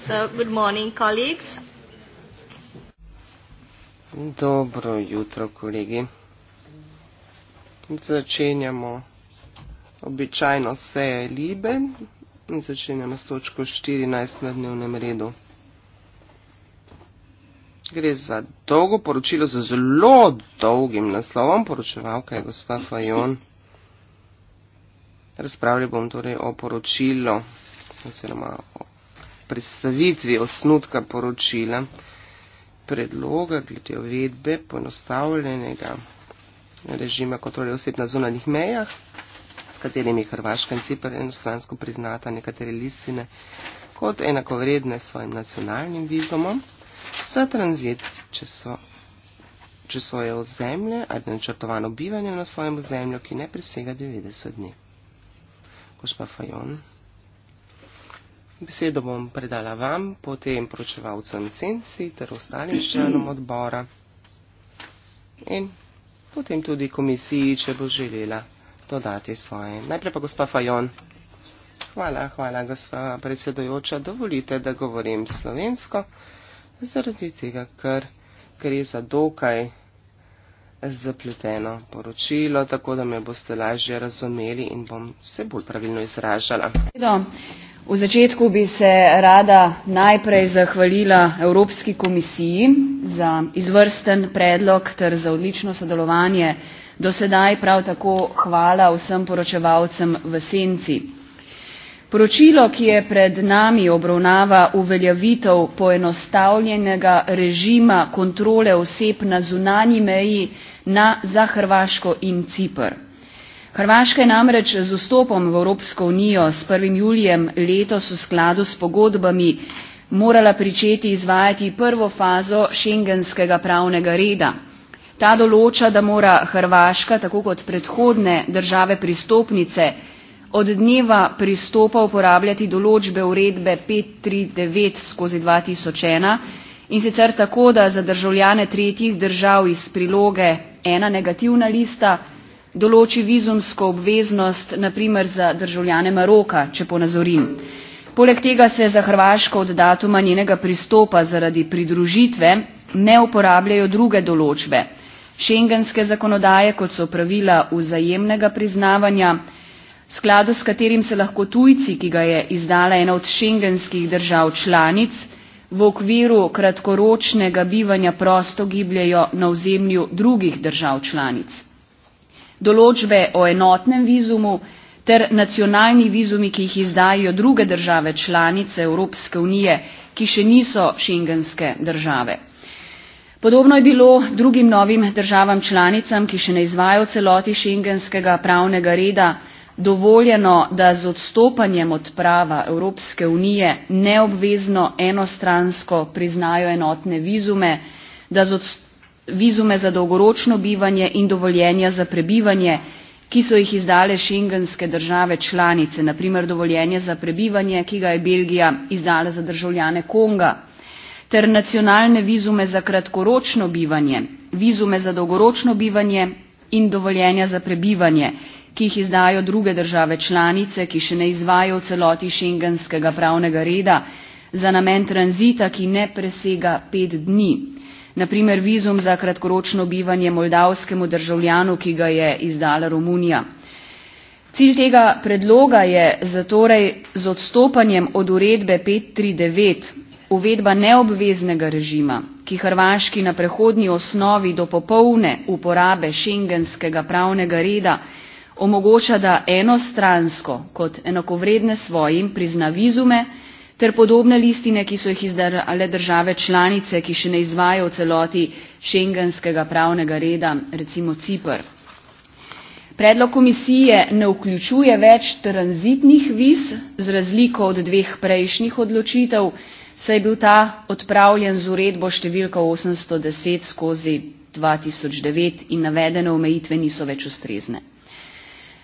So, good morning, colleagues. Dobro jutro, kolegi. Začenjamo običajno seje Libe in začenjamo s točko 14 na dnevnem redu. Gre za dolgo poročilo, za zelo dolgim naslovom, poročevalka je gospa Fajon. Razpravljal bom torej o poročilu, oziroma o predstavitvi osnutka poročila, predloga glede uvedbe poenostavljenega režima kontrole oseb na zunanih mejah, s katerimi Hrvaška in Cipr enostransko priznata nekatere listine kot enakovredne svojim nacionalnim vizomom. Vsa tranzit, če so, če so je ozemlje ali načrtovano bivanje na svojem ozemlju, ki ne presega 90 dni. Gospa Fajon, besedo bom predala vam, potem pročevalcem senci ter ostalim članom odbora in potem tudi komisiji, če bo želela dodati svoje. Najprej pa gospa Fajon. Hvala, hvala, gospa predsedojoča. Dovolite, da govorim slovensko zaradi tega, ker gre za dokaj zapleteno poročilo, tako da me boste lažje razumeli in bom se bolj pravilno izražala. V začetku bi se rada najprej zahvalila Evropski komisiji za izvrsten predlog ter za odlično sodelovanje. Do sedaj prav tako hvala vsem poročevalcem v senci poročilo ki je pred nami obravnava uveljavitev poenostavljenega režima kontrole oseb na zunanji meji na za hrvaško in cipr hrvaška je namreč z vstopom v evropsko unijo s prvim julijem letos v skladu s pogodbami morala pričeti izvajati prvo fazo šengenskega pravnega reda ta določa da mora hrvaška tako kot predhodne države pristopnice od dneva pristopa uporabljati določbe uredbe 539 skozi 2001 in sicer tako, da za državljane tretjih držav iz priloge ena negativna lista določi vizumsko obveznost, naprimer za državljane Maroka, če ponazorim. Poleg tega se za Hrvaško od datuma njenega pristopa zaradi pridružitve ne uporabljajo druge določbe. Šengenske zakonodaje, kot so pravila vzajemnega priznavanja, skladu s katerim se lahko tujci, ki ga je izdala ena od šengenskih držav članic, v okviru kratkoročnega bivanja prosto gibljajo na ozemlju drugih držav članic. Določbe o enotnem vizumu ter nacionalni vizumi, ki jih izdajo druge države članice Evropske unije, ki še niso šengenske države. Podobno je bilo drugim novim državam članicam, ki še ne izvajo celoti šengenskega pravnega reda, dovoljeno, da z odstopanjem od prava Evropske unije neobvezno enostransko priznajo enotne vizume, da z vizume za dolgoročno bivanje in dovoljenja za prebivanje, ki so jih izdale šengenske države članice, naprimer dovoljenje za prebivanje, ki ga je Belgija izdala za državljane Konga, ter nacionalne vizume za kratkoročno bivanje, vizume za dolgoročno bivanje in dovoljenja za prebivanje, ki jih izdajo druge države članice, ki še ne izvajo v celoti šengenskega pravnega reda za namen tranzita, ki ne presega pet dni. Naprimer, vizum za kratkoročno bivanje moldavskemu državljanu, ki ga je izdala Romunija. Cilj tega predloga je zatorej z odstopanjem od uredbe 539 uvedba neobveznega režima, ki Hrvaški na prehodni osnovi do popolne uporabe šengenskega pravnega reda omogoča da enostransko kot enakovredne svojim prizna vizume ter podobne listine ki so jih izdale države članice ki še ne izvajajo v celoti schengenskega pravnega reda recimo cipr. predlog komisije ne vključuje več tranzitnih viz z razliko od dveh prejšnjih odločitev saj je bil ta odpravljen z uredbo številko osemsto deset skozi dva tisoč devet in navedene omejitve niso več ustrezne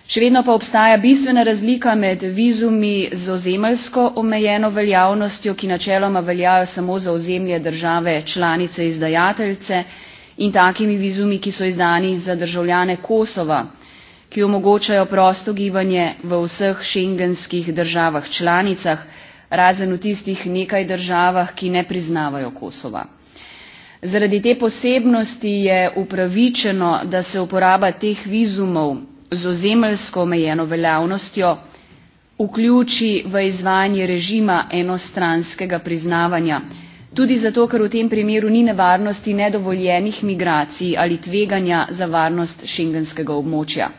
še vedno pa obstaja bistvena razlika med vizumi z ozemeljsko omejeno veljavnostjo ki načeloma veljajo samo za ozemlje države članice izdajateljice in takimi vizumi ki so izdani za državljane kosova ki omogočajo prosto gibanje v vseh šengenskih državah članicah razen v tistih nekaj državah ki ne priznavajo kosova zaradi te posebnosti je upravičeno da se uporaba teh vizumov z ozemeljsko omejeno veljavnostjo vključi v izvajanje režima enostranskega priznavanja tudi zato ker v tem primeru ni nevarnosti nedovoljenih migracij ali tveganja za varnost šengenskega območja.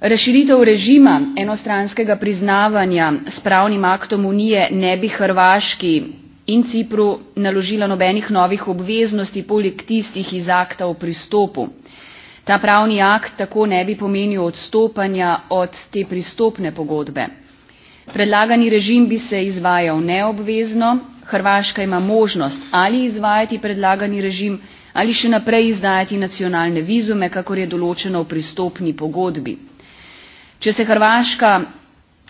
Razširitev režima enostranskega priznavanja s pravnim aktom unije ne bi Hrvaški in Cipru naložila nobenih novih obveznosti poleg tistih iz akta o pristopu. Ta pravni akt tako ne bi pomenil odstopanja od te pristopne pogodbe. Predlagani režim bi se izvajal neobvezno, Hrvaška ima možnost ali izvajati predlagani režim ali še naprej izdajati nacionalne vizume, kakor je določeno v pristopni pogodbi. Če se Hrvaška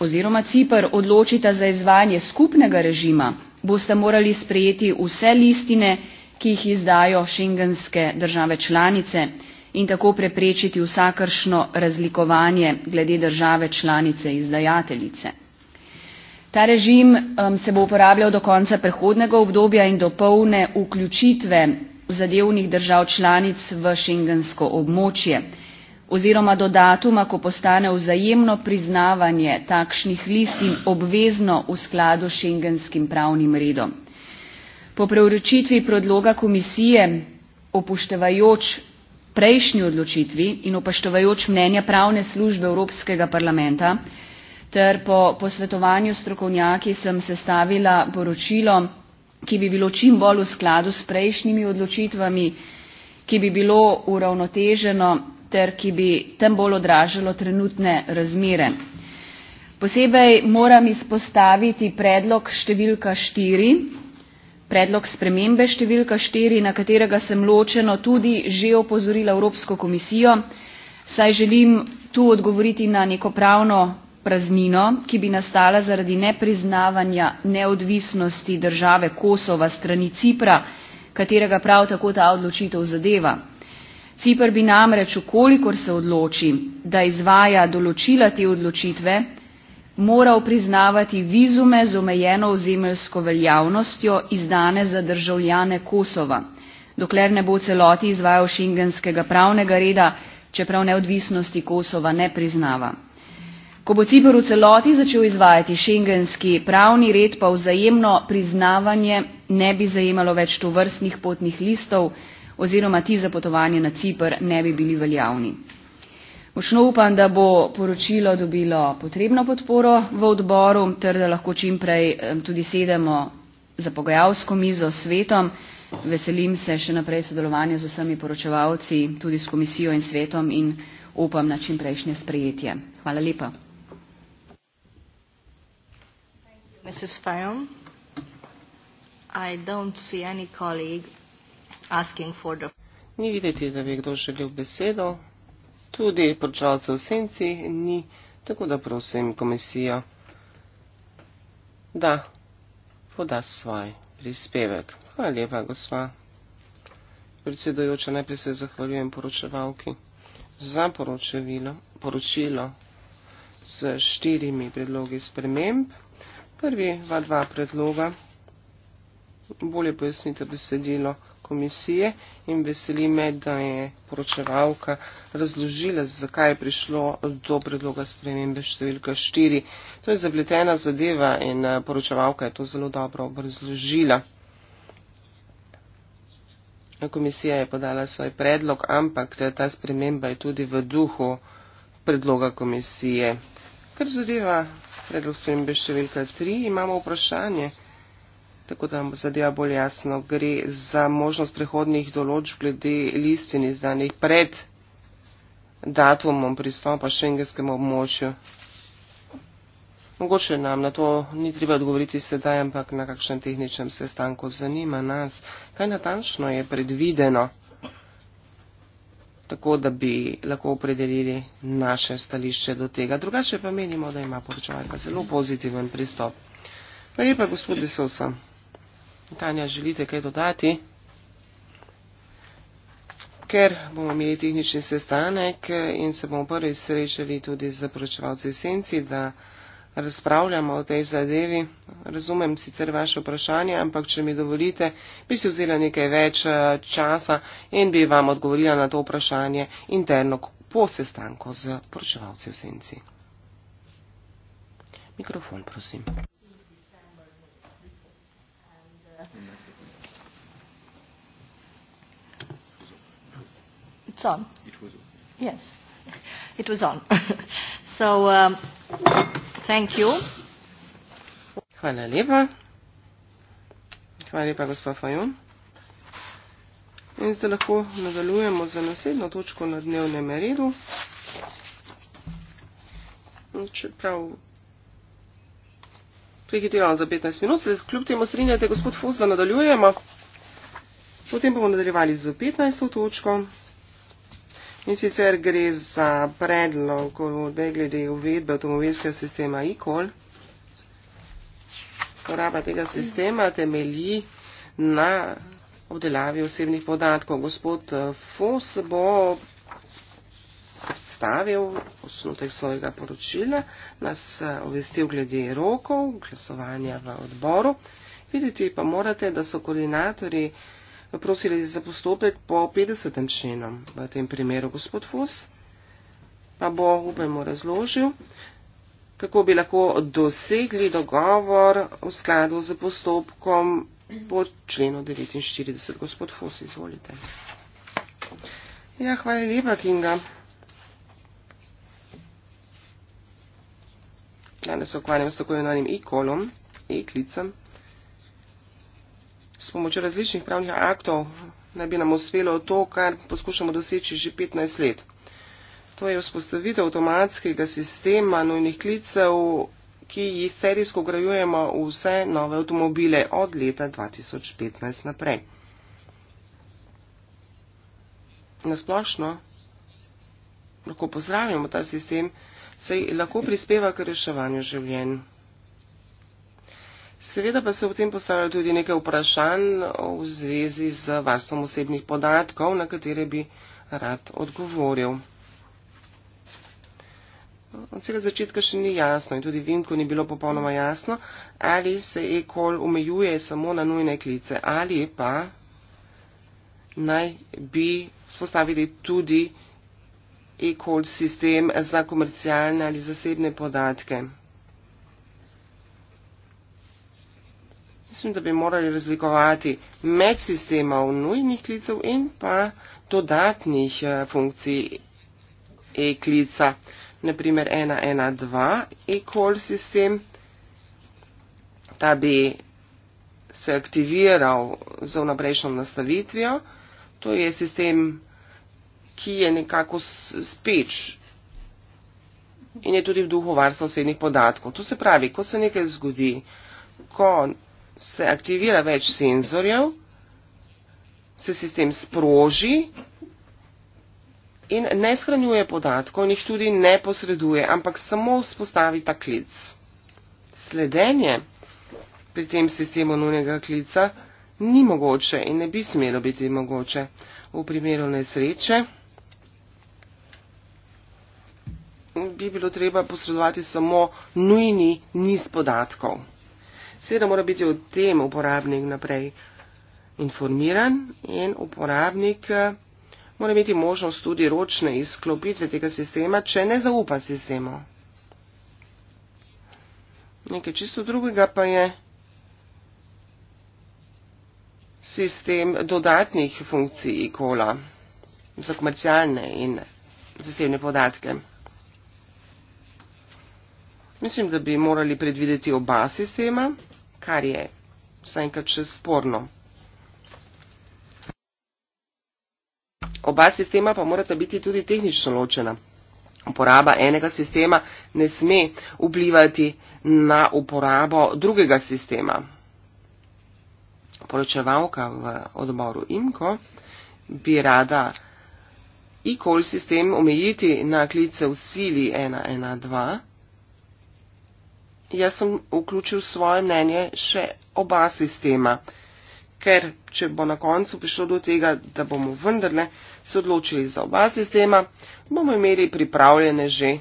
oziroma Cipr odločita za izvajanje skupnega režima, boste morali sprejeti vse listine, ki jih izdajo šengenske države članice in tako preprečiti vsakršno razlikovanje glede države članice izdajateljice. Ta režim um, se bo uporabljal do konca prehodnega obdobja in do polne vključitve zadevnih držav članic v šengensko območje oziroma do datuma, ko postane vzajemno priznavanje takšnih listin obvezno v skladu s šengenskim pravnim redom. Po preuročitvi predloga komisije, opuštevajoč prejšnji odločitvi in upoštevajoč mnenja pravne službe Evropskega parlamenta ter po posvetovanju strokovnjaki sem sestavila poročilo, ki bi bilo čim bolj v skladu s prejšnjimi odločitvami, ki bi bilo uravnoteženo ter ki bi tem bolj odražalo trenutne razmere. Posebej moram izpostaviti predlog številka štiri, predlog spremembe številka štiri na katerega sem ločeno tudi že opozorila evropsko komisijo saj želim tu odgovoriti na neko pravno praznino ki bi nastala zaradi nepriznavanja neodvisnosti države kosova strani cipra katerega prav tako ta odločitev zadeva. cipr bi namreč v kolikor se odloči da izvaja določila te odločitve moral priznavati vizume z omejeno ozemeljsko veljavnostjo izdane za državljane Kosova, dokler ne bo celoti izvajal šengenskega pravnega reda, čeprav neodvisnosti Kosova ne priznava. Ko bo Cipr v celoti začel izvajati šengenski pravni red, pa vzajemno priznavanje ne bi zajemalo več tovrstnih potnih listov oziroma ti za potovanje na Cipr ne bi bili veljavni. Močno upam, da bo poročilo dobilo potrebno podporo v odboru, ter da lahko čim prej tudi sedemo za pogajalsko mizo s svetom. Veselim se še naprej sodelovanja z vsemi poročevalci, tudi s komisijo in svetom in upam na čim prejšnje sprejetje. Hvala lepa. Ni videti, da bi kdo želel besedo tudi počalcev senci ni, tako da prosim komisijo, da poda svoj prispevek. Hvala lepa, gospa. Predsedojoča, najprej se zahvaljujem poročevalki za poročilo s štirimi predlogi sprememb. Prvi dva predloga, bolje pojasnite besedilo komisije in veseli me, da je poročevalka razložila, zakaj je prišlo do predloga spremembe številka 4. To je zapletena zadeva in eh, poročevalka je to zelo dobro obrazložila. Komisija je podala svoj predlog, ampak eh, ta sprememba je tudi v duhu predloga komisije. Kar zadeva predlog spremembe številka 3, imamo vprašanje tako da bo zadeva bolj jasno. Gre za možnost prehodnih določb glede listin izdanih pred datumom pristopa šengenskemu območju. Mogoče nam na to ni treba odgovoriti sedaj, ampak na kakšnem tehničnem sestanku zanima nas, kaj natančno je predvideno, tako da bi lahko opredelili naše stališče do tega. Drugače pa menimo, da ima poročevalka zelo pozitiven pristop. Hvala lepa, gospod Desosa. Tanja, želite kaj dodati? Ker bomo imeli tehnični sestanek in se bomo prvi srečali tudi z zapročevalci v senci, da razpravljamo o tej zadevi. Razumem sicer vaše vprašanje, ampak če mi dovolite, bi si vzela nekaj več eh, časa in bi vam odgovorila na to vprašanje interno po sestanku z zapročevalci v senci. Mikrofon, prosim. It's on. It was on. Yes, it was on. so, um, thank you. Hvala lepa. Hvala lepa, gospod Fajon. In zdaj lahko nadaljujemo za naslednjo točko na dnevnem redu. Čeprav prihitevam za 15 minut, se kljub temu strinjate, gospod Fos, da nadaljujemo. Potem bomo nadaljevali z 15. točko. In sicer gre za predlog glede uvedbe avtomobilskega sistema e-call. Poraba tega sistema temelji na obdelavi osebnih podatkov. Gospod eh, Fos bo predstavil osnutek svojega poročila, nas eh, obvestil glede rokov, glasovanja v odboru. Videti pa morate, da so koordinatorji prosili za postopek po 50. členu, v tem primeru gospod Fus, pa bo, upajmo, razložil, kako bi lahko dosegli dogovor v skladu z postopkom po členu 49. Gospod Fus, izvolite. Ja, hvala lepa, Kinga. Danes se ukvarjam s tako imenovanim e-kolom, e-klicem. E s pomočjo različnih pravnih aktov naj bi nam uspelo to, kar poskušamo doseči že 15 let. To je vzpostavitev avtomatskega sistema nujnih klicev, ki jih serijsko grajujemo v vse nove avtomobile od leta 2015 naprej. Nasplošno lahko pozdravimo ta sistem, saj lahko prispeva k reševanju življenj Seveda pa se v tem postavlja tudi nekaj vprašanj v zvezi z varstvom osebnih podatkov, na katere bi rad odgovoril. Od vsega začetka še ni jasno in tudi Vinko ni bilo popolnoma jasno, ali se e-call omejuje samo na nujne klice ali pa naj bi spostavili tudi e-call sistem za komercialne ali zasebne podatke. mislim, da bi morali razlikovati med sistemov nujnih klicev in pa dodatnih eh, funkcij e-klica. Naprimer 112 e-call sistem, ta bi se aktiviral z vnaprejšnjo nastavitvijo. To je sistem, ki je nekako speč in je tudi v duhu varstva osebnih podatkov. To se pravi, ko se nekaj zgodi, ko se aktivira več senzorjev, se sistem sproži in ne shranjuje podatkov in jih tudi ne posreduje, ampak samo vzpostavi ta klic. Sledenje pri tem sistemu nujnega klica ni mogoče in ne bi smelo biti mogoče v primeru nesreče. Bi bilo treba posredovati samo nujni niz podatkov. Seveda mora biti o tem uporabnik naprej informiran in uporabnik eh, mora imeti možnost tudi ročne izklopitve tega sistema, če ne zaupa sistemu. Nekaj čisto drugega pa je sistem dodatnih funkcij e-kola za komercialne in zasebne podatke. Mislim, da bi morali predvideti oba sistema, kar je vsaj enkrat še sporno. Oba sistema pa morata biti tudi tehnično ločena. Uporaba enega sistema ne sme vplivati na uporabo drugega sistema. Poročevalka v odboru IMKO bi rada e-call sistem omejiti na klice v sili 112 jaz sem vključil svoje mnenje še oba sistema. Ker, če bo na koncu prišlo do tega, da bomo vendarle se odločili za oba sistema, bomo imeli pripravljene že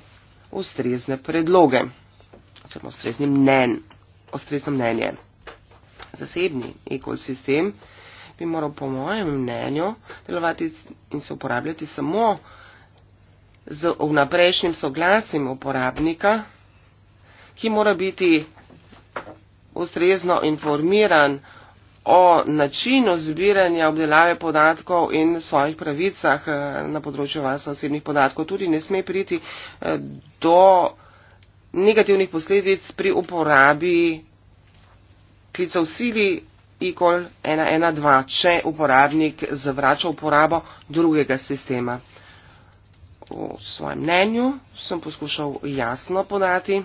ustrezne predloge, oziroma ustrezne mnen, ustrezno mnenje. Zasebni ekosistem bi moral po mojem mnenju delovati in se uporabljati samo z vnaprejšnjim soglasjem uporabnika, ki mora biti ustrezno informiran o načinu zbiranja obdelave podatkov in svojih pravicah eh, na področju varstva osebnih podatkov. Tudi ne sme priti eh, do negativnih posledic pri uporabi klicev sili ICOL 112, če uporabnik zavrača uporabo drugega sistema. V svojem mnenju sem poskušal jasno podati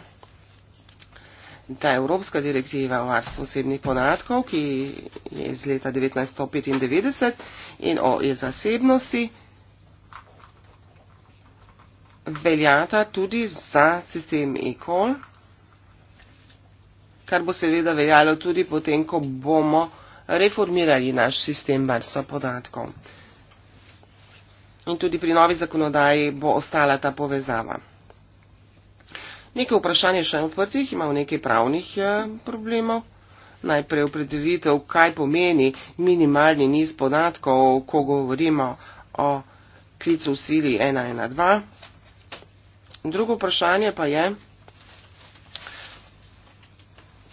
ta Evropska direktiva o varstvu osebnih podatkov, ki je iz leta 1995 in o zasebnosti, veljata tudi za sistem e-call, kar bo seveda veljalo tudi potem, ko bomo reformirali naš sistem varstva podatkov. In tudi pri novi zakonodaji bo ostala ta povezava. Nekaj vprašanj je še odprtih, imamo nekaj pravnih eh, problemov. Najprej opredelitev, kaj pomeni minimalni niz podatkov, ko govorimo o klicu v sili 112. Drugo vprašanje pa je,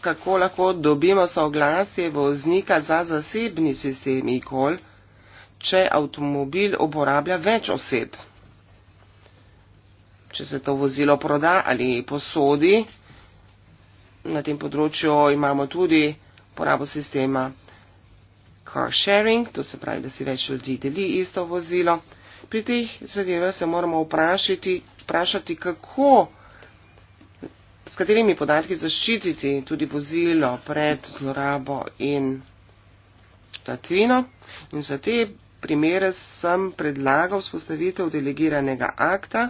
kako lahko dobimo soglasje voznika za zasebni sistem e-call, če avtomobil uporablja več oseb če se to vozilo proda ali posodi. Na tem področju imamo tudi porabo sistema car sharing, to se pravi, da si več ljudi deli isto vozilo. Pri teh zadevah se moramo vprašati, vprašati kako, s katerimi podatki zaščititi tudi vozilo pred zlorabo in tatvino. In za te primere sem predlagal spostavitev delegiranega akta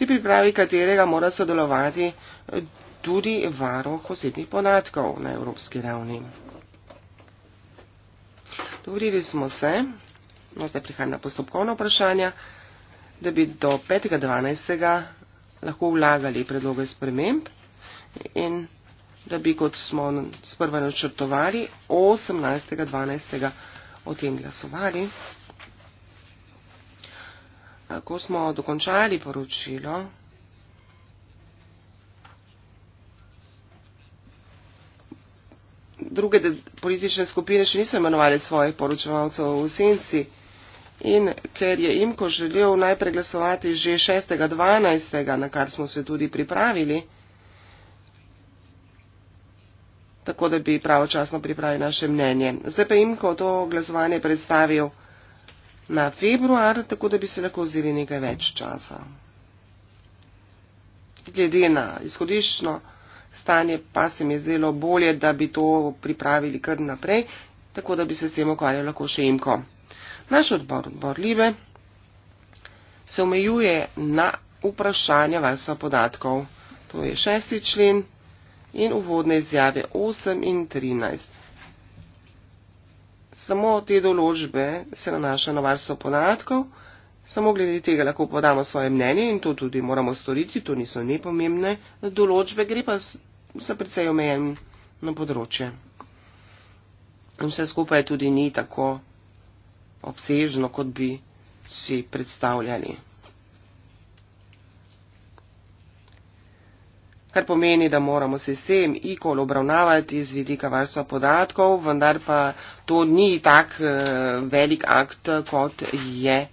pri pripravi katerega mora sodelovati eh, tudi varoh osebnih podatkov na evropski ravni. Dovolili smo se, no zdaj prihajam na postopkovno vprašanje, da bi do 5.12. lahko vlagali predloge sprememb in da bi, kot smo sprva načrtovali, 18.12. o tem glasovali ko smo dokončali poročilo, druge politične skupine še niso imenovali svojih poročevalcev v senci in ker je Imko želel najprej glasovati že 6.12., na kar smo se tudi pripravili, tako da bi pravočasno pripravili naše mnenje. Zdaj pa Imko to glasovanje predstavil 6.12 na februar, tako da bi se lahko vzeli nekaj več časa. Glede na izhodiščno stanje pa se mi je zdelo bolje, da bi to pripravili kar naprej, tako da bi se s tem ukvarjalo lahko še imko. Naš odbor, odbor Libe, se omejuje na vprašanja varstva podatkov. To je šesti člen in uvodne izjave 8 in 13 samo te določbe se nanašajo na varstvo podatkov, samo glede tega lahko podamo svoje mnenje in to tudi moramo storiti, to niso nepomembne določbe, gre pa za precej omejeno področje. In vse skupaj tudi ni tako obsežno, kot bi si predstavljali. kar pomeni, da moramo sistem e-call obravnavati z vidika varstva podatkov, vendar pa to ni tak eh, velik akt, kot je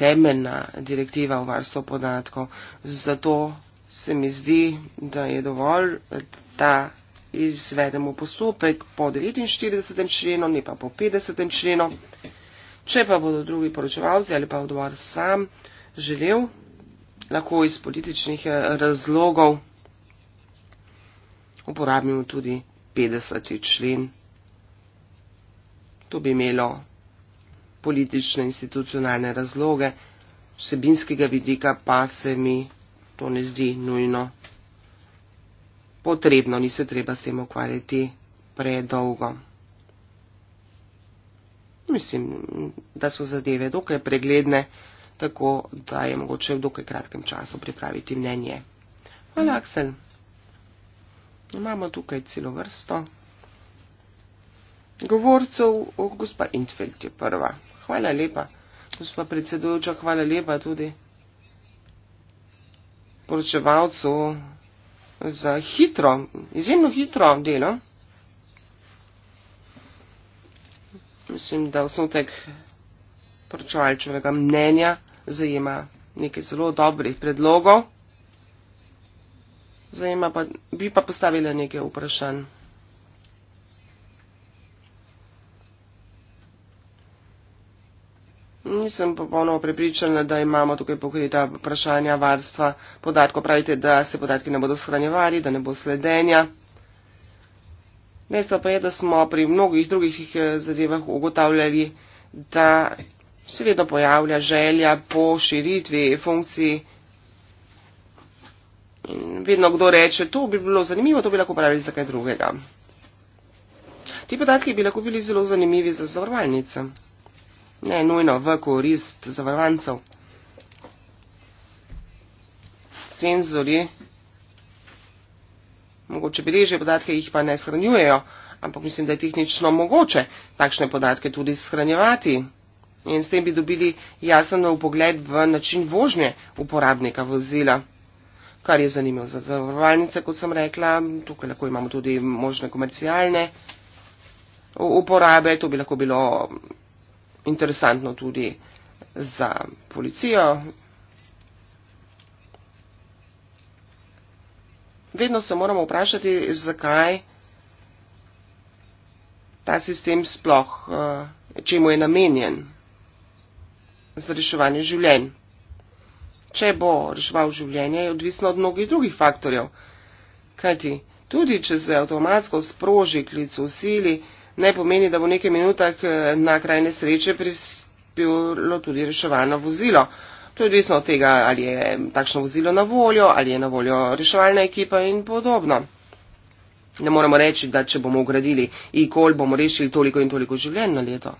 temeljna direktiva o varstvu podatkov. Zato se mi zdi, da je dovolj, da izvedemo postopek po 49. členu, ne pa po 50. členu. Če pa bodo drugi poročevalci ali pa odvar sam želel, lahko iz političnih eh, razlogov uporabimo tudi 50. člen. To bi imelo politične institucionalne razloge, vsebinskega vidika pa se mi to ne zdi nujno potrebno, ni se treba s tem ukvarjati predolgo. Mislim, da so zadeve dokaj pregledne, tako da je mogoče v dokaj kratkem času pripraviti mnenje. Hvala, Aksel. Mm. Imamo tukaj celo vrsto. Govorcev, oh, gospa Intfeld je prva. Hvala lepa. Gospa predsedujoča, hvala lepa tudi poročevalcu za hitro, izjemno hitro delo. Mislim, da osnotek poročevalčevega mnenja zajema nekaj zelo dobrih predlogov. Zdaj ima pa, bi pa postavila nekaj vprašanj. Nisem popolnoma prepričana, da imamo tukaj pokrita vprašanja varstva podatkov. Pravite, da se podatki ne bodo shranjevali, da ne bo sledenja. Dejstvo pa je, da smo pri mnogih drugih eh, zadevah ugotavljali, da se vedno pojavlja želja po širitvi funkciji In vedno kdo reče, to bi bilo zanimivo, to bi lahko pravili za kaj drugega. Ti podatki bi lahko bili zelo zanimivi za zavarovalnice. Ne nujno v korist zavarovancev. Senzori, mogoče beležijo podatke, jih pa ne shranjujejo, ampak mislim, da je tehnično mogoče takšne podatke tudi shranjevati. In s tem bi dobili jasen upogled v način vožnje uporabnika vozila kar je zanimivo za zavarovalnice, kot sem rekla. Tukaj lahko imamo tudi možne komercialne uporabe, to bi lahko bilo interesantno tudi za policijo. Vedno se moramo vprašati, zakaj ta sistem sploh, eh, čemu je namenjen za reševanje življenj če bo reševal življenje, je odvisno od mnogih drugih faktorjev. Kajti, tudi če se avtomatsko sproži klic v sili, ne pomeni, da bo v nekaj minutah eh, na kraj nesreče prispelo tudi reševalno vozilo. To je odvisno od tega, ali je takšno vozilo na voljo, ali je na voljo reševalna ekipa in podobno. Ne moremo reči, da če bomo ugradili e-kol, bomo rešili toliko in toliko življenj na leto.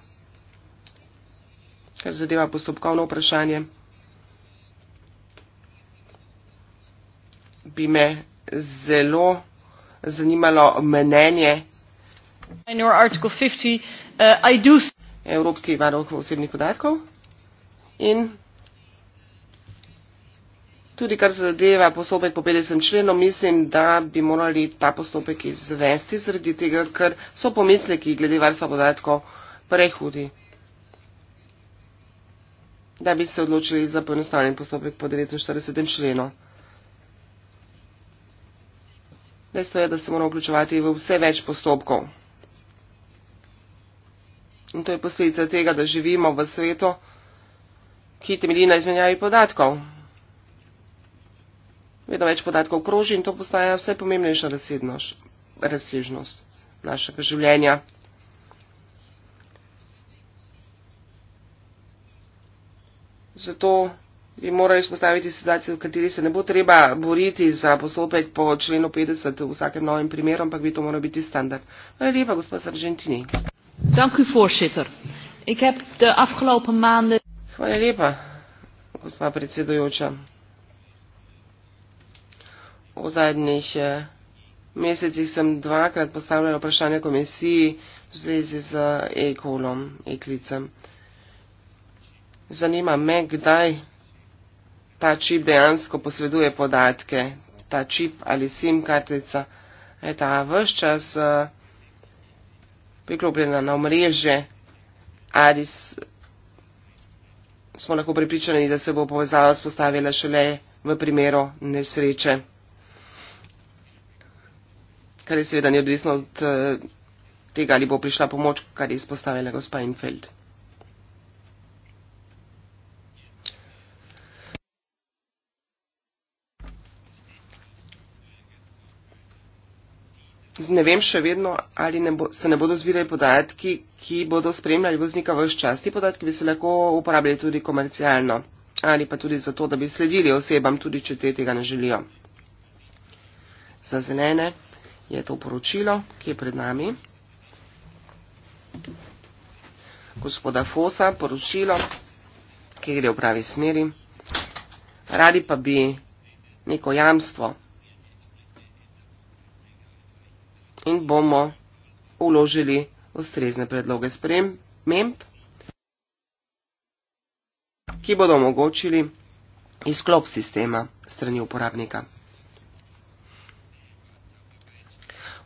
Kar zadeva postopkovno vprašanje. bi me zelo zanimalo mnenje. Uh, Evropski varuh osebnih podatkov in tudi kar zadeva postopek po 50 členu, mislim, da bi morali ta postopek izvesti zaradi tega, ker so pomisleki glede varstva podatkov prehudi, da bi se odločili za poenostavljen postopek po 49 členu. Dejstvo je, da se mora vključevati v vse več postopkov. In to je posledica tega, da živimo v svetu, ki temelji na izmenjavi podatkov. Vedno več podatkov kroži in to postaja vse pomembnejša razsežnost našega življenja. Zato in morajo izpostaviti situacijo, v kateri se ne bo treba boriti za postopek po členu 50 v vsakem novem primeru, ampak bi to moral biti standard. Hvala lepa, gospod Sargentini. Hvala lepa, gospa predsedujoča. V zadnjih eh, mesecih sem dvakrat postavljala vprašanje komisiji v zvezi z eh, e-kolom, e-klicem. Zanima me, kdaj ta čip dejansko posreduje podatke, ta čip ali SIM kartica je ta vse čas eh, priklopljena na omrežje ali smo lahko pripričani, da se bo povezava spostavila šele v primeru nesreče, kar je seveda neodvisno od eh, tega, ali bo prišla pomoč, kar je izpostavila gospa Infeld. ne vem še vedno, ali ne bo, se ne bodo zbirali podatki, ki bodo spremljali voznika v ščasti. Podatki bi se lahko uporabljali tudi komercialno ali pa tudi zato, da bi sledili osebam, tudi če te tega ne želijo. Za zelene je to poročilo, ki je pred nami. Gospoda Fosa, poročilo, ki gre v pravi smeri. Radi pa bi neko jamstvo in bomo uložili ustrezne predloge sprememb, ki bodo omogočili izklop sistema strani uporabnika.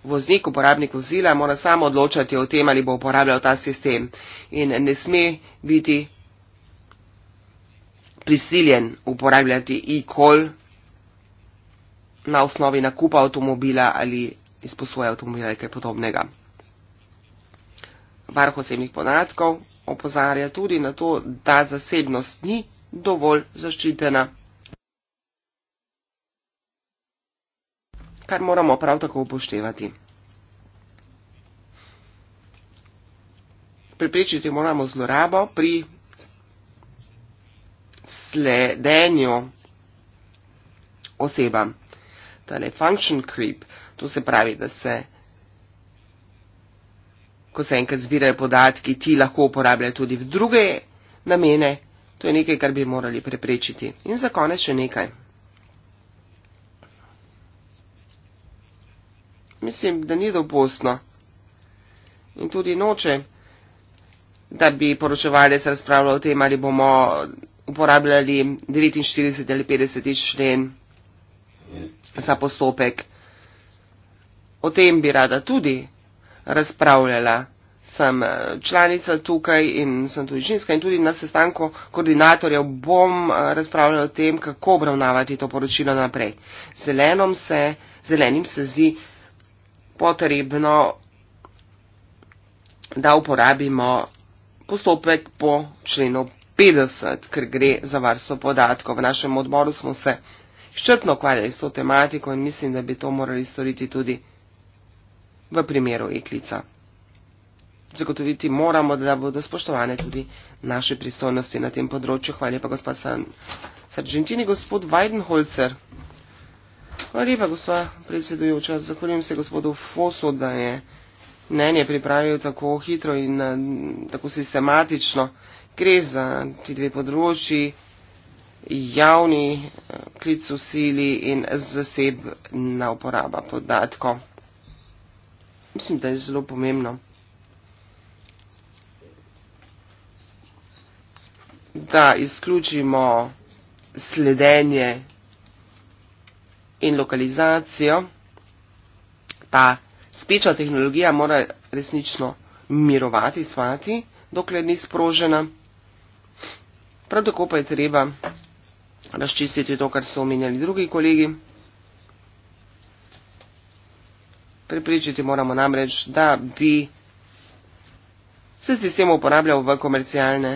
Voznik, uporabnik vozila mora samo odločati o tem, ali bo uporabljal ta sistem in ne sme biti prisiljen uporabljati e-call na osnovi nakupa avtomobila ali izposoje avtomobila ali kaj podobnega. Varuh osebnih podatkov opozarja tudi na to, da zasebnost ni dovolj zaščitena. kar moramo prav tako upoštevati. Pripričiti moramo zlorabo pri sledenju osebam. Tale function creep. To se pravi, da se, ko se enkrat zbirajo podatki, ti lahko uporabljajo tudi v druge namene. To je nekaj, kar bi morali preprečiti. In za konec še nekaj. Mislim, da ni dopustno in tudi noče, da bi poročevalec razpravljal o tem, ali bomo uporabljali 49 ali 50 člen za postopek o tem bi rada tudi razpravljala. Sem eh, članica tukaj in sem tudi ženska in tudi na sestanku koordinatorjev bom eh, razpravljala o tem, kako obravnavati to poročilo naprej. Zelenom se, zelenim se zdi potrebno, da uporabimo postopek po členu 50, ker gre za varstvo podatkov. V našem odboru smo se izčrpno ukvarjali s to tematiko in mislim, da bi to morali storiti tudi v primeru iklica. Zagotoviti moramo, da bodo spoštovane tudi naše pristojnosti na tem področju. Hvala pa gospod Sargentini, gospod Weidenholzer. Hvala pa gospod predsedujoča. Zahvaljujem se gospodu Fosu, da je mnenje pripravil tako hitro in na, eh, tako sistematično. Gre za ti dve področji, javni eh, klic v sili in zaseb na uporaba podatkov mislim, da je zelo pomembno. Da izključimo sledenje in lokalizacijo. Ta speča tehnologija mora resnično mirovati, svati, dokler ni sprožena. Prav tako pa je treba raščistiti to, kar so omenjali drugi kolegi. Pripričati moramo namreč, da bi se sistem uporabljal v komercialne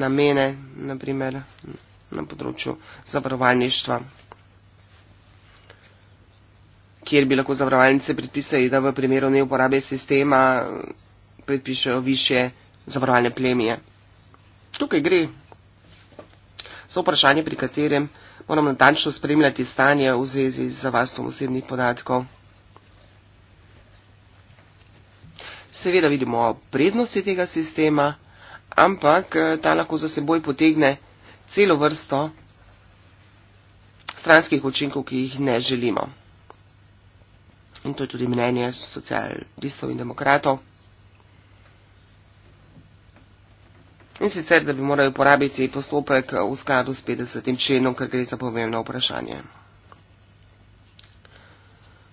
namene, naprimer na področju zavarovalništva, kjer bi lahko zavarovalnice predpisali, da v primeru neuporabe sistema predpišajo više zavarovalne plemije. Tukaj gre za vprašanje, pri katerem moramo natančno spremljati stanje v zvezi z varstvom osebnih podatkov. Seveda vidimo prednosti tega sistema, ampak eh, ta lahko za seboj potegne celo vrsto stranskih učinkov, ki jih ne želimo. In to je tudi mnenje socialistov in demokratov. In sicer, da bi morali uporabiti postopek v skladu s 50. členom, ker gre za pomembno vprašanje.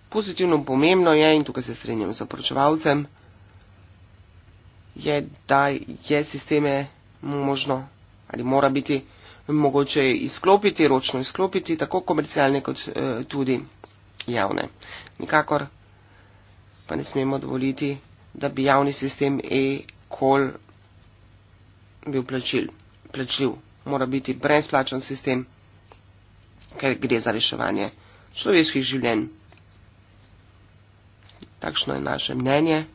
Pozitivno pomembno je, in tukaj se strinjam z opročevalcem, je, da je sisteme možno ali mora biti mogoče izklopiti, ročno izklopiti, tako komercialne kot eh, tudi javne. Nikakor pa ne smemo dovoliti, da bi javni sistem e-kol bil plačil, plačljiv. Mora biti brezplačen sistem, ker gre za reševanje človeških življenj. Takšno je naše mnenje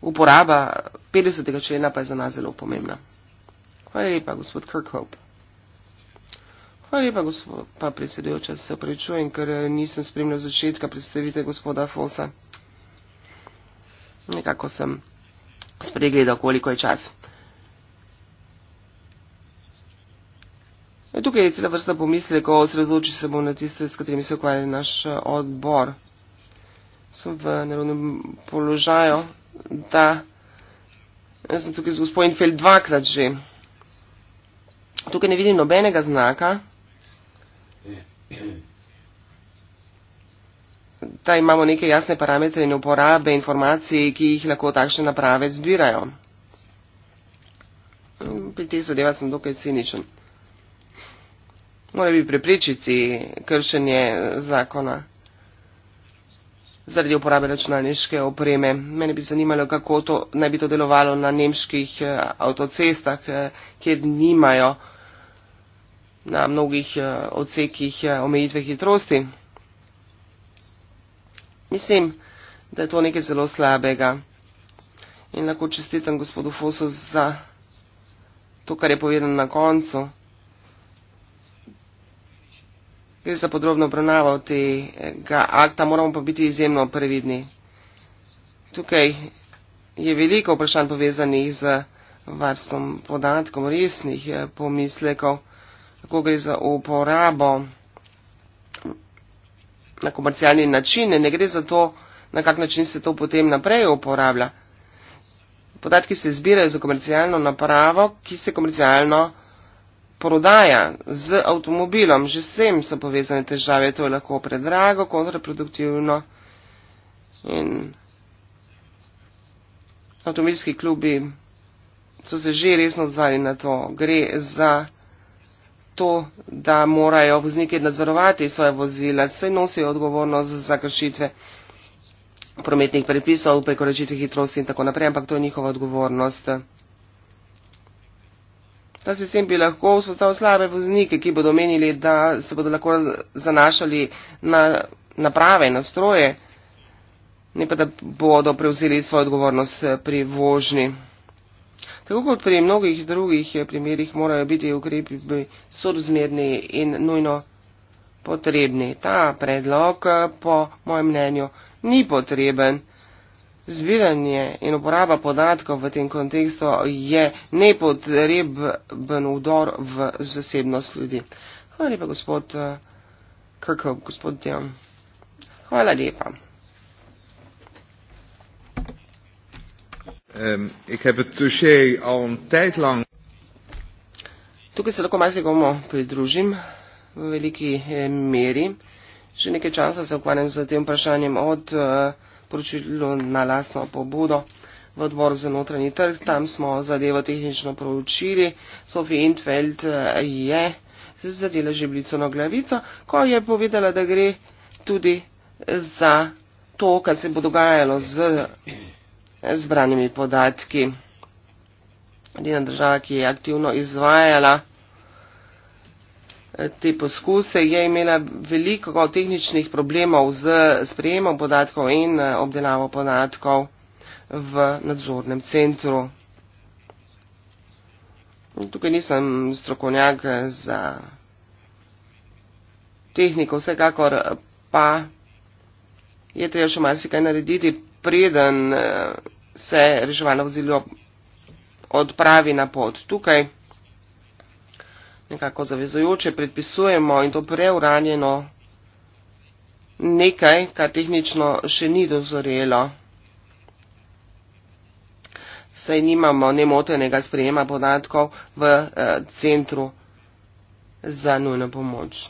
uporaba 50. člena pa je za nas zelo pomembna. Hvala lepa, gospod Kirkhope. Hvala lepa, gospod predsedujoča, se opravičujem, ker eh, nisem spremljal začetka predstavitev gospoda Fosa. Nekako sem spregledal, koliko je čas. E, tukaj je cela vrsta pomisle, ko osredotoči se bom na tiste, s katerimi se ukvarja naš eh, odbor. Sem v nerovnem položaju, ta, jaz sem tukaj z gospodin Fel dvakrat že. Tukaj ne vidim nobenega znaka. Ta imamo neke jasne parametre in uporabe informacij, ki jih lahko takšne naprave zbirajo. Pri teh zadevah sem dokaj ciničen. Morali bi preprečiti kršenje zakona zaradi uporabe računalniške opreme. Mene bi zanimalo, kako to naj bi to delovalo na nemških eh, avtocestah, eh, kjer nimajo na mnogih eh, odsekih omejitve hitrosti. Mislim, da je to nekaj zelo slabega. In lahko čestitam gospodu Fosu za to, kar je povedal na koncu gre za podrobno obravnavo tega akta, moramo pa biti izjemno previdni. Tukaj je veliko vprašanj povezanih z varstvom podatkov, resnih eh, pomislekov, kako gre za uporabo na komercialni način, ne gre za to, na kak način se to potem naprej uporablja. Podatki se zbirajo za komercialno napravo, ki se komercialno prodaja z avtomobilom, že s tem so povezane težave, to je lahko predrago, kontraproduktivno in avtomobilski klubi so se že resno odzvali na to. Gre za to, da morajo voznike nadzorovati svoje vozila, saj nosijo odgovornost za kršitve prometnih predpisov, prekoračitve hitrosti in tako naprej, ampak to je njihova odgovornost. Ta sistem bi lahko vzpostavil slabe voznike, ki bodo menili, da se bodo lahko zanašali na naprave, na stroje, ne pa da bodo prevzeli svojo odgovornost eh, pri vožni. Tako kot pri mnogih drugih eh, primerjih morajo biti ukrepi sodzmerni in nujno potrebni. Ta predlog, eh, po mojem mnenju, ni potreben. Zbiranje in uporaba podatkov v tem kontekstu je nepotreben udor v zasebnost ljudi. Hvala lepa, gospod eh, Krkov, gospod Dion. Hvala lepa. Um, ik heb het dossier al een tijd lang. Tukaj se lahko marsikomu pridružim v veliki eh, meri. Že nekaj časa se ukvarjam z tem vprašanjem od uh, poročilo na lastno pobudo v odbor za notranji trg. Tam smo zadevo tehnično proučili. Sofi Intfeld eh, je zadela žebljico na glavico, ko je povedala, da gre tudi za to, kar se bo dogajalo z zbranimi podatki. Edina država, ki je aktivno izvajala te poskuse, je imela veliko tehničnih problemov z sprejemom podatkov in eh, obdelavo podatkov v nadzornem centru. Tukaj nisem strokovnjak za tehniko, vsekakor pa je treba še marsikaj narediti, preden eh, se reševalno vozilo odpravi na pot. Tukaj nekako zavezojoče predpisujemo in to preuranjeno nekaj, kar tehnično še ni dozorelo. Saj nimamo nemotenega sprejema podatkov v eh, centru za nujno pomoč.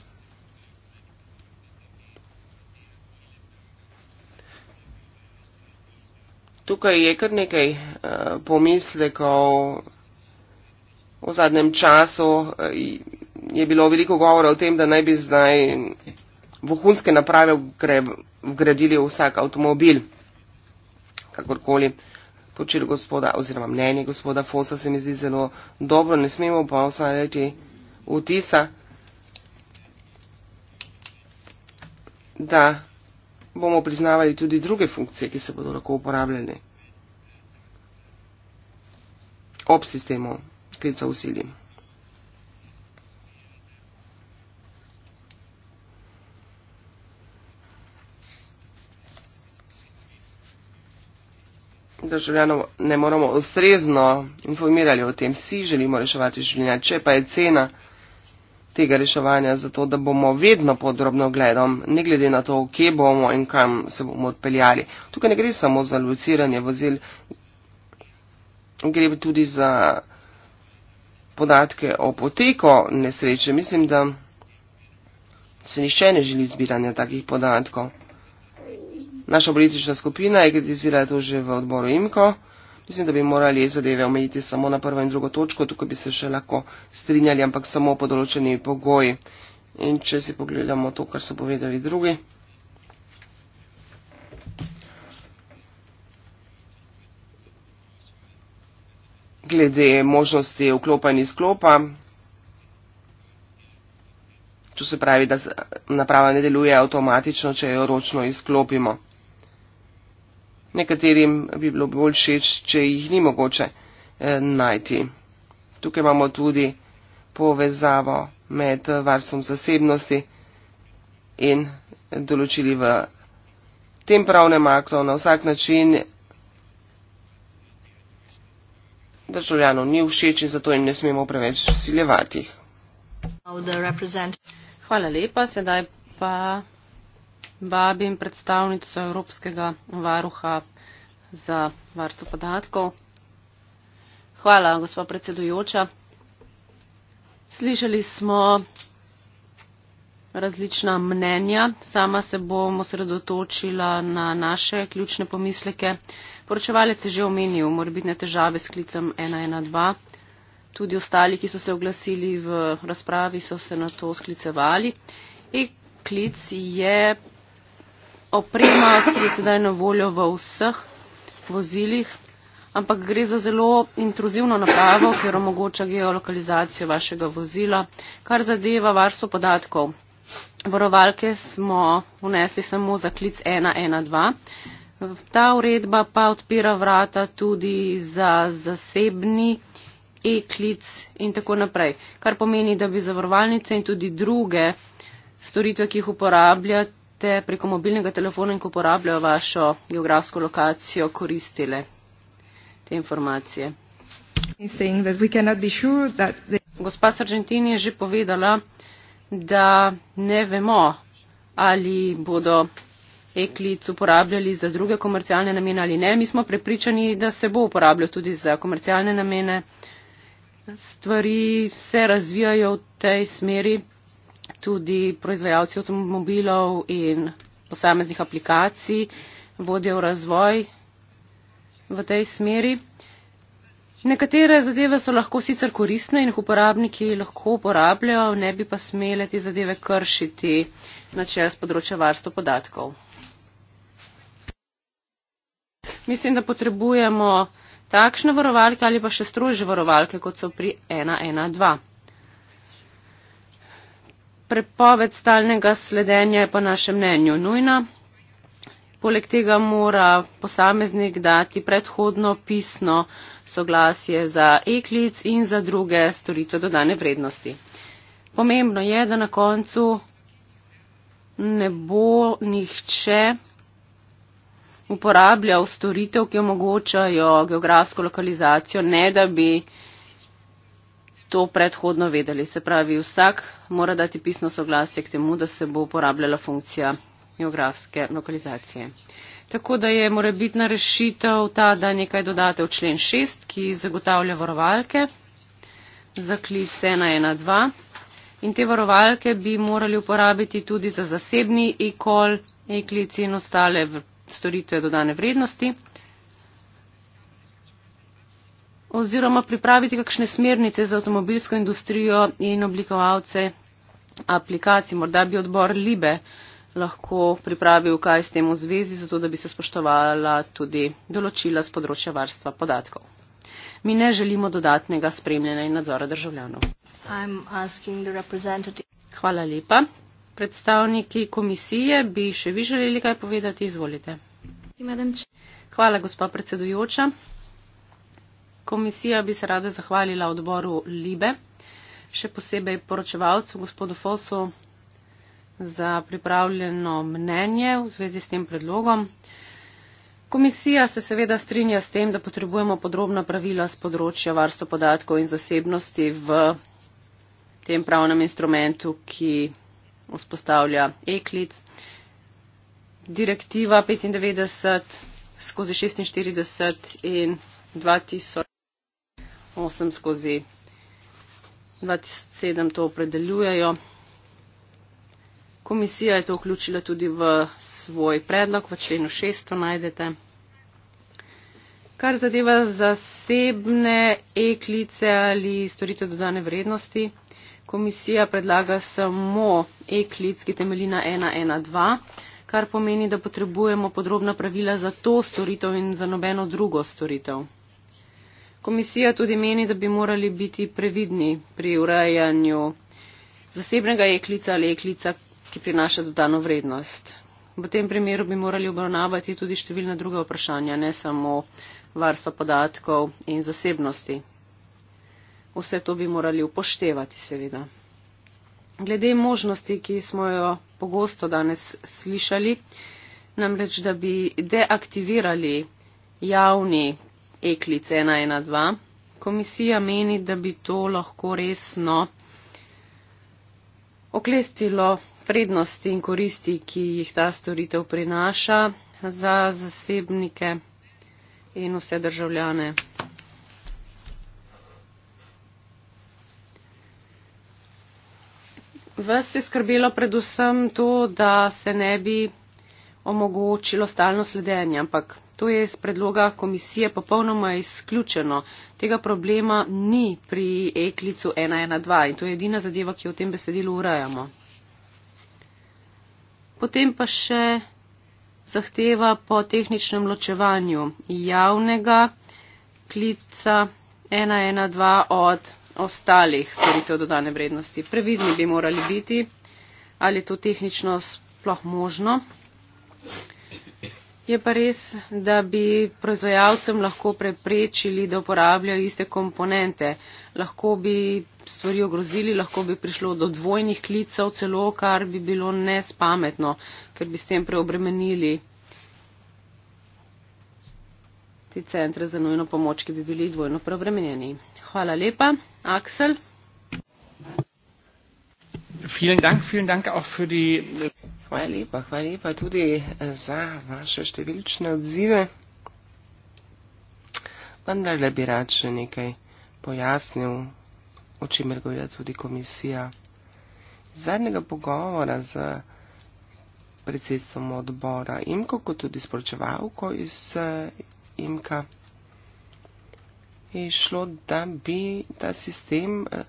Tukaj je kar nekaj eh, pomislekov v zadnjem času eh, je bilo veliko govora o tem, da naj bi zdaj vohunske naprave vgradili v vsak avtomobil. Kakorkoli počil gospoda oziroma mnenje gospoda Fosa se mi zdi zelo dobro, ne smemo pa ostaviti vtisa, da bomo priznavali tudi druge funkcije, ki se bodo lahko uporabljali ob sistemu klica v sili. Državljanov ne moramo ustrezno informirati o tem. Vsi želimo reševati življenja, če pa je cena tega reševanja zato, da bomo vedno podrobno gledom, ne glede na to, kje bomo in kam se bomo odpeljali. Tukaj ne gre samo za luciranje vozil, gre tudi za podatke o poteko nesreče. Mislim, da se nišče ne želi zbiranja takih podatkov. Naša politična skupina je kritizirala to že v odboru IMKO. Mislim, da bi morali zadeve omejiti samo na prvo in drugo točko, tukaj bi se še lahko strinjali, ampak samo po določeni pogoji. In če si pogledamo to, kar so povedali drugi. glede možnosti vklopa in izklopa. Tu se pravi, da naprava ne deluje avtomatično, če jo ročno izklopimo. Nekaterim bi bilo bolj všeč, če jih ni mogoče eh, najti. Tukaj imamo tudi povezavo med varstvom zasebnosti in določili v tem pravnem aktu. Na vsak način državljanov ni všeč in zato jim ne smemo preveč usiljevati. Hvala lepa, sedaj pa vabim predstavnico Evropskega varuha za varstvo podatkov. Hvala, gospod predsedujoča. Slišali smo različna mnenja sama se bom osredotočila na naše ključne pomisleke poročevalec je že omenil morebitne težave s klicem enaindvajset tudi ostali ki so se oglasili v razpravi so se na to sklicevali e klic je oprema ki je sedaj na voljo v vseh vozilih ampak gre za zelo intruzivno napravo, ker omogoča geolokalizacijo vašega vozila, kar zadeva varstvo podatkov varovalke smo vnesli samo za klic 112. Ta uredba pa odpira vrata tudi za zasebni e-klic in tako naprej, kar pomeni, da bi zavarovalnice in tudi druge storitve, ki jih uporabljate preko mobilnega telefona in ko uporabljajo vašo geografsko lokacijo, koristile te informacije. Gospa Sargentini je že povedala, da ne vemo, ali bodo eklic uporabljali za druge komercialne namene ali ne. Mi smo prepričani, da se bo uporabljal tudi za komercialne namene. Stvari se razvijajo v tej smeri, tudi proizvajalci avtomobilov in posameznih aplikacij vodijo razvoj v tej smeri. Nekatere zadeve so lahko sicer koristne in jih uporabniki lahko uporabljajo, ne bi pa smele te zadeve kršiti načel z področja varstva podatkov. Mislim, da potrebujemo takšne varovalke ali pa še strožje varovalke, kot so pri 112. Prepoved stalnega sledenja je pa našem mnenju nujna. Poleg tega mora posameznik dati predhodno pisno soglasje za e-klic in za druge storitve dodane vrednosti. Pomembno je, da na koncu ne bo nihče uporabljal storitev, ki omogočajo geografsko lokalizacijo, ne da bi to predhodno vedeli. Se pravi, vsak mora dati pisno soglasje k temu, da se bo uporabljala funkcija geografske lokalizacije. Tako da je morebitna rešitev ta, da nekaj dodate v člen 6, ki zagotavlja varovalke za klic 112. In te varovalke bi morali uporabiti tudi za zasebni e-call, e-klic in ostale storitve dodane vrednosti. Oziroma pripraviti kakšne smernice za avtomobilsko industrijo in oblikovalce aplikacij. Morda bi odbor Libe uh, lahko pripravil kaj s tem v zvezi, zato da bi se spoštovala tudi določila z področja varstva podatkov. Mi ne želimo dodatnega spremljanja in nadzora državljanov. Hvala lepa. Predstavniki komisije bi še vi želeli kaj povedati. Izvolite. Hvala, gospa predsedujoča. Komisija bi se rada zahvalila odboru Libe, še posebej poročevalcu gospodu Fosu za pripravljeno mnenje v zvezi s tem predlogom. Komisija se seveda strinja s tem, da potrebujemo podrobna pravila z področja varstva podatkov in zasebnosti v tem pravnem instrumentu, ki vzpostavlja EKLIC. Direktiva 95 skozi 46 in 2008 skozi 2007 to opredeljujejo komisija je to vključila tudi v svoj predlog, v členu 600 najdete. Kar zadeva zasebne e-klice ali storitev dodane vrednosti, komisija predlaga samo e-klic, ki temelji na 112, kar pomeni, da potrebujemo podrobna pravila za to storitev in za nobeno drugo storitev. Komisija tudi meni, da bi morali biti previdni pri urejanju zasebnega e-klica ali e-klica, ki prinaša dodano vrednost. V tem primeru bi morali obravnavati tudi številna druga vprašanja, ne samo varstva podatkov in zasebnosti. Vse to bi morali upoštevati, seveda. Glede možnosti, ki smo jo pogosto danes slišali, namreč, da bi deaktivirali javni eklic 112, komisija meni, da bi to lahko resno oklestilo prednosti in koristi, ki jih ta storitev prinaša za zasebnike in vse državljane. Vas je skrbelo predvsem to, da se ne bi omogočilo stalno sledenje, ampak to je iz predloga komisije popolnoma izključeno. Tega problema ni pri eklicu 112 in to je edina zadeva, ki jo v tem besedilu urajamo. Potem pa še zahteva po tehničnem ločevanju javnega klica 112 od ostalih storitev dodane vrednosti. Previdni bi morali biti, ali je to tehnično sploh možno. Je pa res, da bi proizvajalcem lahko preprečili, da uporabljajo iste komponente. Lahko bi stvari ogrozili, lahko bi prišlo do dvojnih klicev celo, kar bi bilo nespametno, ker bi s tem preobremenili te centre za nujno pomoč, ki bi bili dvojno preobremenjeni. Hvala lepa. Aksel. Vielen Dank, vielen Dank auch für die. Hvala lepa, hvala lepa tudi eh, za vaše številčne odzive. Vendar le bi rad še nekaj pojasnil o čemer govori tudi komisija. Iz zadnjega pogovora z predsedstvom odbora IMKO, kot tudi sporočevalko iz eh, IMKO, je šlo, da bi ta sistem eh,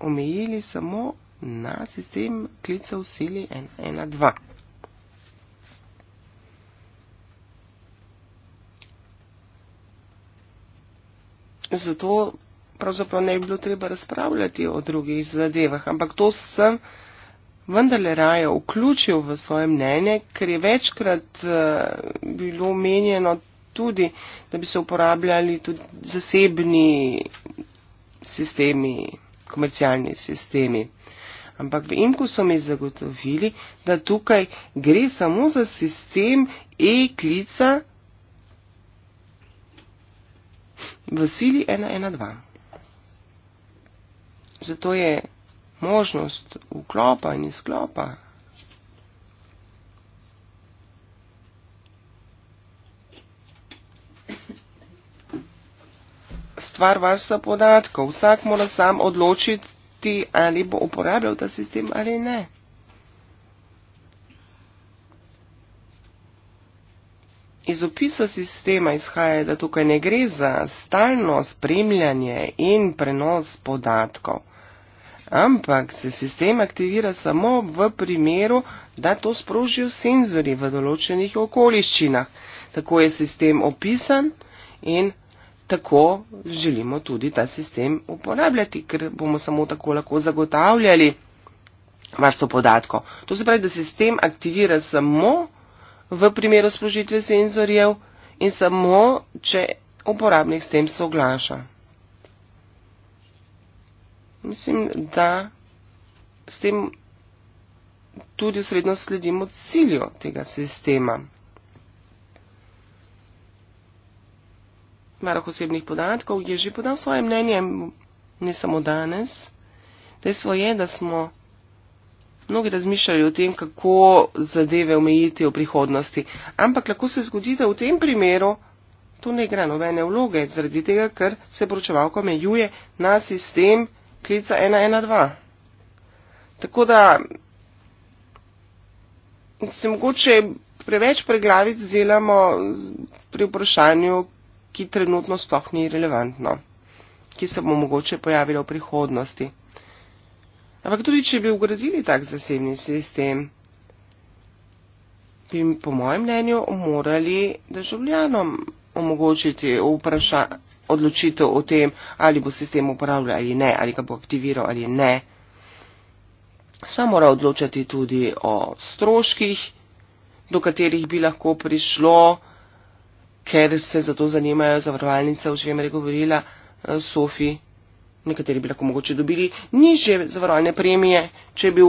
omejili samo na sistem klica v sili 112. Zato pravzaprav ne bi bilo treba razpravljati o drugih zadevah, ampak to sem vendarle raje vključil v svoje mnenje, ker je večkrat eh, bilo menjeno tudi, da bi se uporabljali tudi zasebni sistemi, komercialni sistemi. Ampak v Imku so mi zagotovili, da tukaj gre samo za sistem e-klica v sili 112. Zato je možnost vklopa in izklopa. Stvar varstva podatkov. Vsak mora sam odločiti, ali bo uporabljal ta sistem ali ne. Iz opisa sistema izhaja, da tukaj ne gre za stalno spremljanje in prenos podatkov ampak se sistem aktivira samo v primeru, da to sprožijo senzori v določenih okoliščinah. Tako je sistem opisan in tako želimo tudi ta sistem uporabljati, ker bomo samo tako lahko zagotavljali varstvo podatkov. To se pravi, da sistem aktivira samo v primeru sprožitve senzorjev in samo, če uporabnik s tem soglaša mislim, da s tem tudi osredno sledimo cilju tega sistema. Varoh osebnih podatkov je že podal svoje mnenje, ne samo danes, da je svoje, da smo mnogi razmišljali o tem, kako zadeve omejiti v prihodnosti. Ampak lahko se zgodi, da v tem primeru to ne igra nobene vloge, zaradi tega, ker se poročevalko omejuje na sistem, klica 112. Tako da se mogoče preveč preglavic delamo pri vprašanju, ki trenutno sploh ni relevantno, ki se bo mogoče pojavilo v prihodnosti. Ampak tudi, če bi ugradili tak zasebni sistem, bi po mojem mnenju morali državljanom omogočiti vprašanje odločitev o tem, ali bo sistem uporabljal ali ne, ali ga bo aktiviral ali ne. Sam mora odločati tudi o stroških, do katerih bi lahko prišlo, ker se za to zanimajo zavarovalnice, o čem je govorila eh, Sofi. Nekateri bi lahko mogoče dobili nižje zavarovalne premije, če bi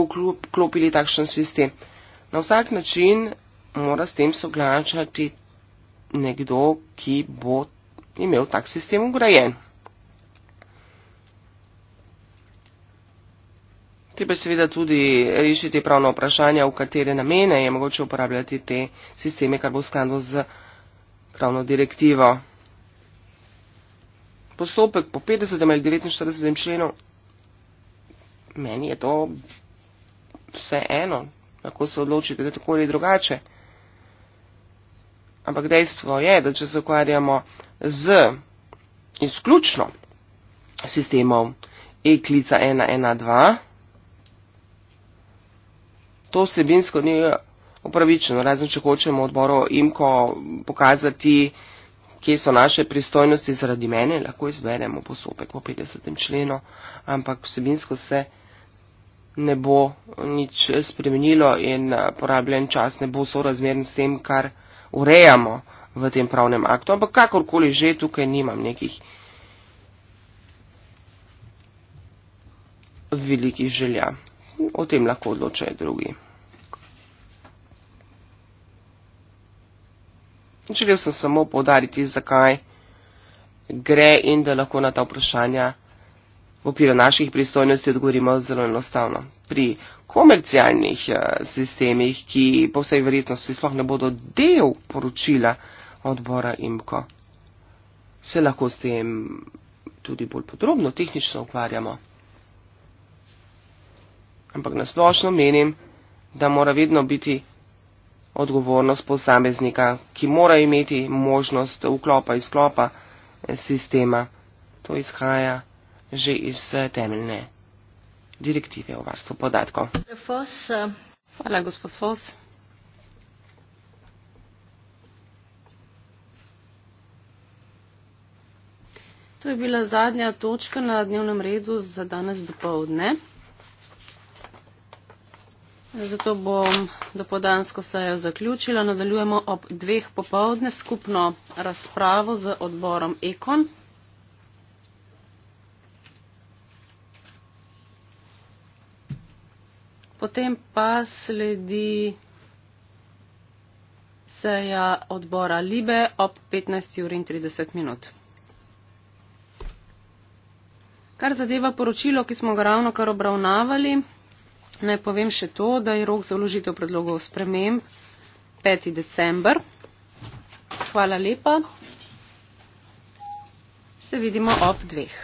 vklopili takšen sistem. Na vsak način mora s tem soglačati nekdo, ki bo imel tak sistem ugrajen. Treba seveda tudi rešiti pravno vprašanje, v katere namene je mogoče uporabljati te sisteme, kar bo v skladu z pravno direktivo. Postopek po 50 ali 49 členov, meni je to vse eno, lahko se odločite, da tako ali drugače. Ampak dejstvo je, da če se ukvarjamo z izključno sistemom e-klica 112, to vsebinsko ni upravičeno, razen če hočemo odboru imko pokazati, kje so naše pristojnosti zaradi mene, lahko izberemo posopek po 50. členu, ampak vsebinsko se ne bo nič spremenilo in eh, porabljen čas ne bo sorazmeren s tem, kar urejamo v tem pravnem aktu, ampak kakorkoli že tukaj nimam nekih velikih želja. O tem lahko odločajo drugi. Želel sem samo povdariti, zakaj gre in da lahko na ta vprašanja v okviru naših pristojnosti odgovorimo zelo enostavno. Pri komercialnih eh, sistemih, ki po vsej verjetnosti sploh ne bodo del poročila odbora IMKO, se lahko s tem tudi bolj podrobno tehnično ukvarjamo. Ampak nasplošno menim, da mora vedno biti odgovornost posameznika, ki mora imeti možnost vklopa in sklopa eh, sistema. To izhaja že iz eh, temeljne direktive o varstvu podatkov. Hvala, gospod Fos. To je bila zadnja točka na dnevnem redu za danes do povdne. Zato bom dopodansko sejo zaključila. Nadaljujemo ob dveh popovdne skupno razpravo z odborom Ekon. Potem pa sledi seja odbora Libe ob 15. uri in 30 minut. Kar zadeva poročilo, ki smo ga ravno kar obravnavali, naj povem še to, da je rok za vložitev predlogov sprememb 5. december. Hvala lepa. Se vidimo ob dveh.